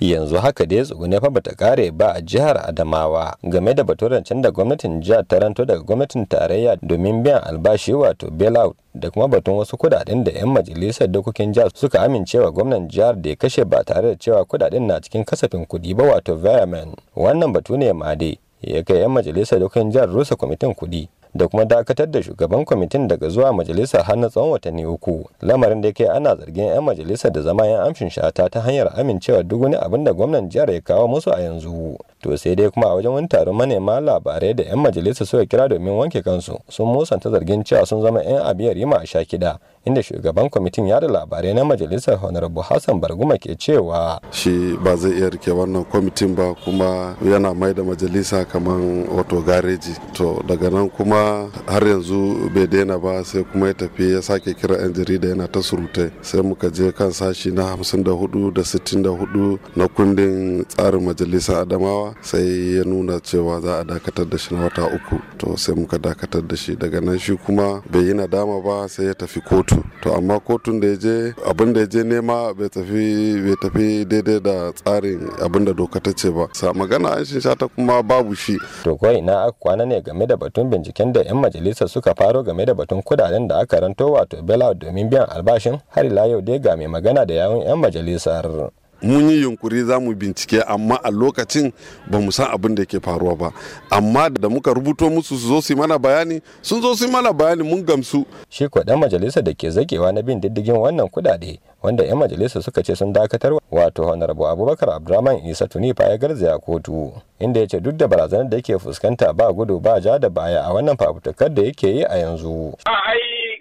yanzu haka dai tsugune fa bata kare ba a jihar adamawa game da rancen da gwamnatin jihar ta ranto daga gwamnatin tarayya domin biyan albashi wato bailout da kuma batun wasu kudaden da 'yan majalisar dokokin jihar suka amincewa gwamnan jihar da ya kashe ba tare da cewa kudaden na cikin kasafin kudi ba wato vermin wannan batu ne ma ya kai 'yan majalisar dokokin jihar rusa kwamitin kudi da kuma dakatar da shugaban kwamitin daga zuwa majalisa har na tsawon watanni uku lamarin da ya kai ana zargin 'yan majalisa da zama 'yan amshin shata ta hanyar amincewa duk wani abin da gwamnan jihar ya kawo musu a yanzu to sai dai kuma a wajen wani taron manema labarai da 'yan majalisa suka kira domin wanke kansu sun musanta zargin cewa sun zama 'yan abiyar yima a sha kida inda shugaban kwamitin ya da labarai na majalisar honorable hassan barguma ke cewa shi ba zai iya rike wannan kwamitin ba kuma yana mai da majalisa kamar wato gareji to daga nan kuma har yanzu bai daina ba sai kuma ya tafi ya sake kira yan jarida yana ta surutai sai muka je kan sashi na 54 da 64 na kundin tsarin majalisa adamawa sai ya nuna cewa za a dakatar da shi na wata uku to sai muka dakatar da shi daga nan shi kuma bai yi nadama ba sai ya tafi kotu kotu to amma kotun da ya je abin da ya je nema bai tafi bai tafi daidai da tsarin abin da doka ta ce ba sa magana an shin ta kuma babu shi to ko ina aka kwana ne game da batun binciken da yan majalisa suka faro game da batun kudaden da aka ranto wato bela domin biyan albashin har ila yau dai ga mai magana da yawun yan majalisar mun yi yunkuri za mu bincike amma a lokacin ba mu san abin da ke faruwa ba amma da muka rubuto musu su zo su mana bayani sun zo su mana bayani mun gamsu shi ko dan majalisar da ke zakewa na bin diddigin wannan kudade wanda yan majalisar suka ce sun dakatar wato honorable abubakar abdurrahman isa tuni fa ya garzaya kotu inda ya ce duk da barazanar da yake fuskanta ba gudu ba ja da baya a wannan fafutukar da yake yi a yanzu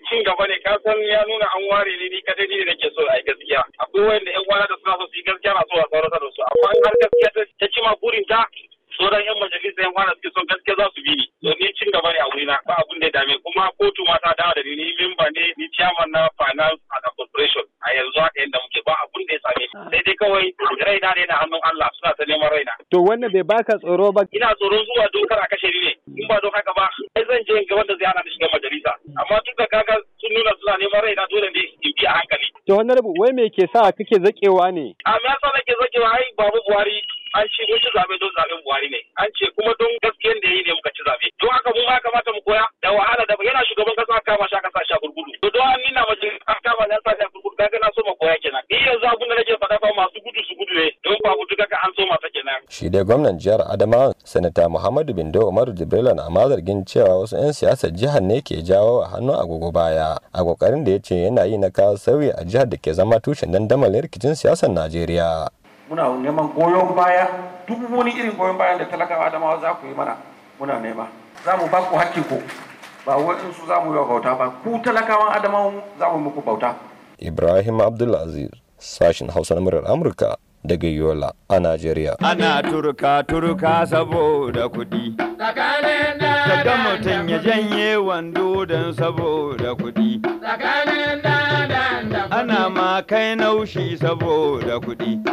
cin gaba ne ka san ya nuna an ware ni ni kadai ne nake so a gaskiya akwai wanda yan wani da suna domin cin gaba ne a wurina ba abun da dame kuma kotu ma ta dawo da ni ni ne ni chairman na finance and corporation a yanzu haka yadda muke ba abun da ya same sai dai kawai raina ne na hannun Allah suna ta neman raina to wannan bai baka tsoro ba ina tsoro zuwa dokar a kashe ni ne in ba don haka ba sai zan je ga wanda zai hana ni shiga majalisa amma tun da kaga sun nuna suna neman raina dole ne in bi a hankali To honorable wai me ke sa kake zakewa ne? A me yasa nake zakewa ai babu Buhari an ce mun ci zabe don zaben Buhari ne. An ce kuma don gaskiyan da ya yi ne muka ci zaɓe. Don haka mu ma kamata mu koya da wahala da yana shugaban kasa kama shi babu duka ka an soma ta kenan shi dai gwamnan jihar Adama sanata muhammadu bindo umaru jibrila na ma zargin cewa wasu 'yan siyasar jihar ne ke jawo a hannun agogo baya a kokarin da ya ce yana yi na kawo sauyi a jihar da ke zama tushen dandamalin rikicin siyasar najeriya muna neman goyon baya duk wani irin goyon bayan da talakawa adamawa za ku yi mana muna nema za mu ba ku hakki ko ba su za mu yi bauta ba ku talakawan adamawa za mu muku bauta ibrahim abdulaziz sashin hausa na murar amurka daga Yola a Najeriya. Ana turka turka saboda kuɗi. Daga mutum ya janye wando don saboda kuɗi. Ana ma kai naushi saboda kuɗi.